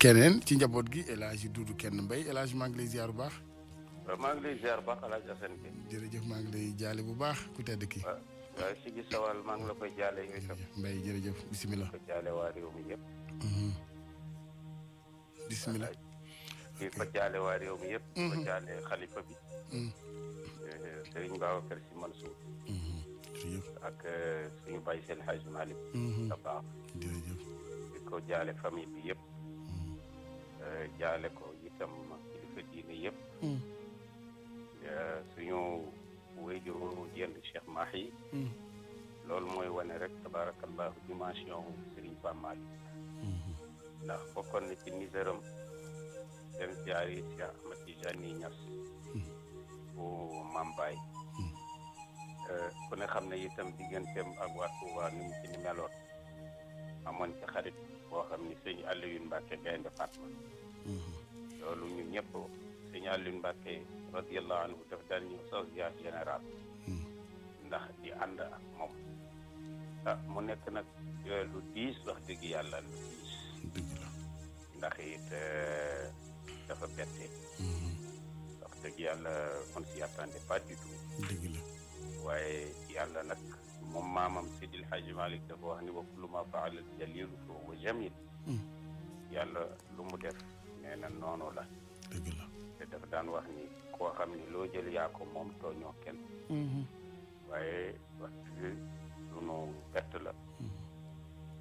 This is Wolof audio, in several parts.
keneen ci njaboot gi El Hadj Kenn Mbaye El Hadj maa ngi lay ziar baax. maa ngi lay ziar bu baax El jërëjëf maa ngi lay jaale bu baax ku tedd ki. waaw si gi sawal maa ngi la koy jaale yooyu tam. Mbaye jërëjëf bisimilah. koy jaale waa réew mi yëpp. Mhm. bisimilah. di jaale waa yëpp. di mhm. xalifa bi. Mhm. Eh, Serigne Babacar Sy Mansour. Eh, ko jaale famille bi yëpp. Euh, jaale ko itam kilifa diine yëpp. Mm. Euh, suñu wéyjur wu jënd Cheikh Mahi. Mm. loolu mooy wane rek tabarakallahu dimension Serigne Pape Malick. Mm-hmm. ndax bokkoon na ci niseram dem ziyaare Cheikh Ahmed Tijani Niass. Mm. bu Mambaay. Euh, ku xam ne itam digganteem ak waa Touba ni ci ni amoon ci xarit. boo xam ni sëñ Aliou Mbacke gaynde Fatma loolu ñun ñëpp sëñ Aliou Mbacke radiallahu anhu daf daan ñëw sa ziar général ndax di ànd ak moom ah mu nekk nag euh, lu diis wax dëgg yàlla lu euh, dafa bette wax dëgg yàlla on s'y attendait pas du yàlla nag ومامم سيدي الحاج مالك دابا هاني وكل ما فعل الجليل فهو جميل يلا لومو ديف نانا نونو لا دغلا دا دان واخني كو خامني لو جيل ياكو موم تو نيو كين واي وقت نونو بيت لا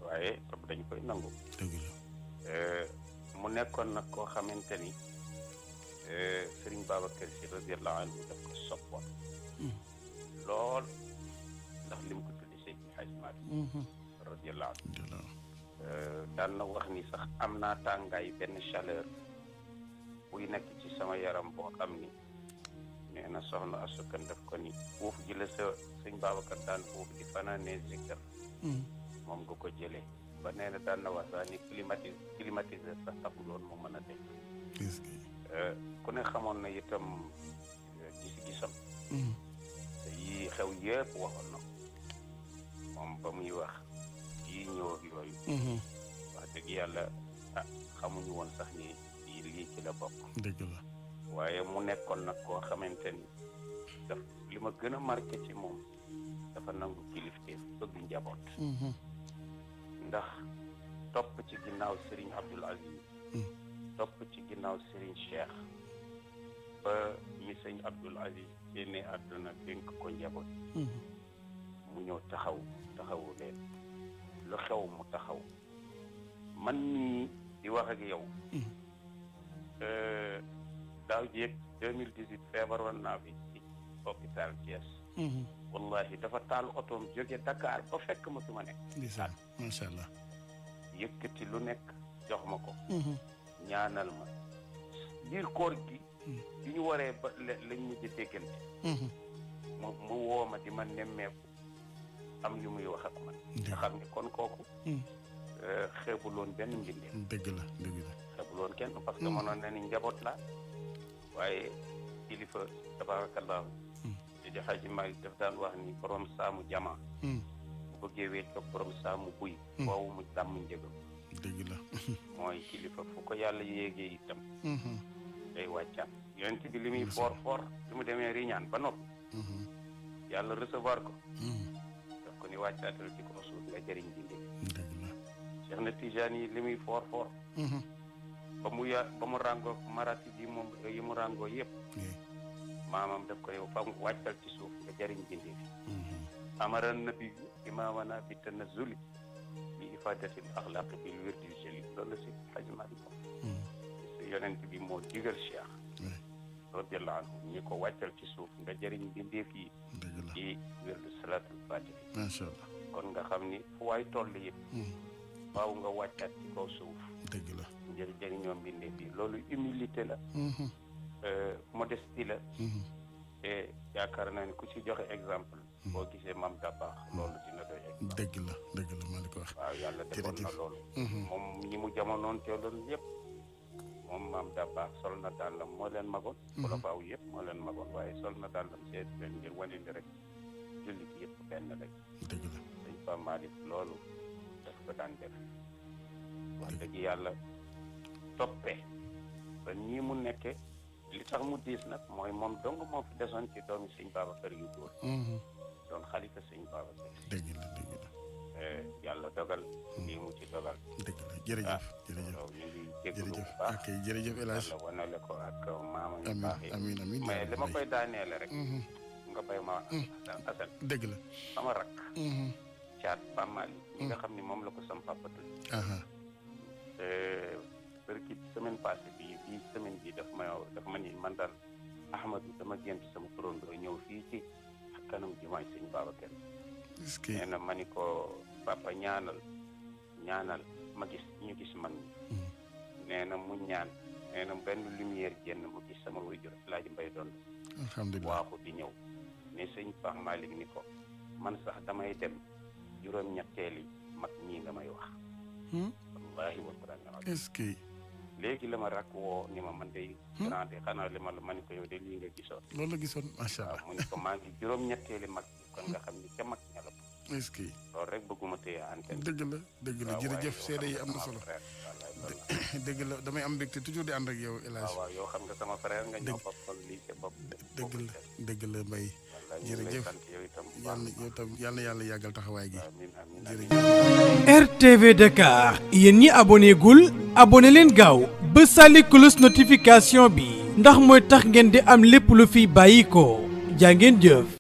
واي تب دنج كوي نانغو دغلا ا أه، مو نيكون نك كو خامنتني ا أه، سيرين بابا كير سي رضي الله عنه دا كو سوبو radiyallahu euh, daan na wax sax am naa tàngaay benn chaleur buy nekk ci sama yaram boo xam ni nee na soxna asukan def ko ni fuuf ji la sa sëñ Babacar daan fuuf di fanaanee zikar hmm. moom ko jëlee ba nee na daan na sax ni climatis climatiseur sax a def euh, ku ne xamoon na itam euh, gis-gisam hmm. te yi xew yëpp waxoon mom ba muy wax yi ñëw ak yooyu mhm. wax deug yalla ah ñu won sax ni yi lii ci la bok deug la waye mu nekkon nak ko xamanteni daf lima ma marqué ci mom dafa nangu kilifté bëgg njaboot mhm. ndax top ci ginnaw Serigne Abdul Aziz mhm. top ci ginnaw Serigne Cheikh ba mi Serigne Abdul Aziz ene aduna denk ko njaboot mu ñëw taxaw taxawu leen lu xew mu taxaw man mii di wax ak yow. Hmm. Euh, daaw jéeg deux mille dix huit feebaroon naa fi hôpital Thiès. Hmm. wallahi dafa taal otoom jóge Dakar ba fekk ma fi ma nekk. ndeysaan macha allah. yëkkati lu nekk jox ma ko. Hmm. ñaanal ma. biir koor gi. bi waree lañ mujj déggante. mu mu woo ma di ma nemmeeku. am yu muy wax ak man nga ya. xam ne kon kooku hmm. eh, xeebuloon benn mbindeef hmm, dëgg la dëgg la xeebuloon kenn parce que mënoon hmm. na ni njaboot la waaye kilifa tabarakallah di di xaji mag daf daan wax ni borom saamu jama bu bëggee wéet ko borom saamu buy waaw mu dàmm njëgam dëgg la mooy kilifa fu ko yàlla yéegee itam day wàccaat yonent bi li muy for for li mu demee riñaan ba noppi yàlla recevoir ko wàccaatal ci kaw suuf nga jëriñ dindi Cheikh na Tijaan yi li muy foor foor mhm. ba mu ya ba mu ràngoo marati bi moom yi mu ràngoo maamam daf ko yow fa wàccal suuf nga jëriñ dindi mhm. amara nabi imaamana bi tanazuli bi ifadatil axlaqi bil wirdi jëli loolu la si xajmaari ko yonent bi moo digal Cheikh radiallahu anhu ñi ko wàccal ci suuf nga jariñ mbindeef yi ci wérdu salaatul fatiha macha allah kon nga xam ni fu waay toll yëpp hmm. faaw nga wàccaat ci kaw suuf dëgg la njëri jëriñoo mbindeef yi loolu humilité la hmm. euh, modestie la hmm. te yaakaar naa ni ku ci joxe exemple boo gisee maam Dabakh loolu dina doy exemple la dëgg la maa waaw yàlla defoon na loolu moom ñi mu jamonoon teeloon yëpp Dabakh sol na dàllam moo leen magoon. Mhm. xulafaaw yëpp moo leen magoon waaye sol na dàllam seeti leen ngir wane ni rek jullit yëpp benn lañ. dëgg la sëñ loolu daf ko daan def. wax dëgg yàlla toppee ba nii mu nekke li tax mu diis nag mooy moom dong moo fi desoon ci doomi sëñ Babacar yu góor. Mhm. doon xalifa sëñ Babacar. dëgg la dëgg la. yàlla dogal. lii mu ci dogal. dëgg la jërëjëf jërëjëf ah ok jërëjëf El yàlla wanale ko ak maama ñu baax yi. amiin amiin mais li ma koy daaneele rek. nga bay ma. asal dëgg la. sama rak. caat Pamali. ñi nga xam ni moom la ko sam papa tudd. barki semaine passée bi bii semaine bi daf ma daf ma ni man daal Ahmadou dama gént sama ñëw fii ci kanam jumaay sëñ Babacar. nee na ma ni ko. papa ñaanal ñaanal ma gis ñu gis man ñi mm. na mu ñaan nee na benn lumière génn mu gis sama wujur laaji mbay doon alhamdulilah waaxu di ñëw ne sëñ Pax Malick ni ko man sax damay dem juróom-ñetteeli mag ñii damay may wax hmm? wallaahi wa quraan est-ce que léegi la ma rakk woo ni ma man day hmm? grande xanaa li ma ma ni ko gisoon loolu la gisoon macha allah juróom-ñetteeli mag kon nga xam ni ca mag rek bëgguma téye antenne dëgg la dëgg la jërëjëf seede yi am na RTV Dakar yen ñi abonné gul abonné leen gaaw ba sali klus notification bi ndax mooy tax ngeen di am lépp lu fi bàyyi ko jëf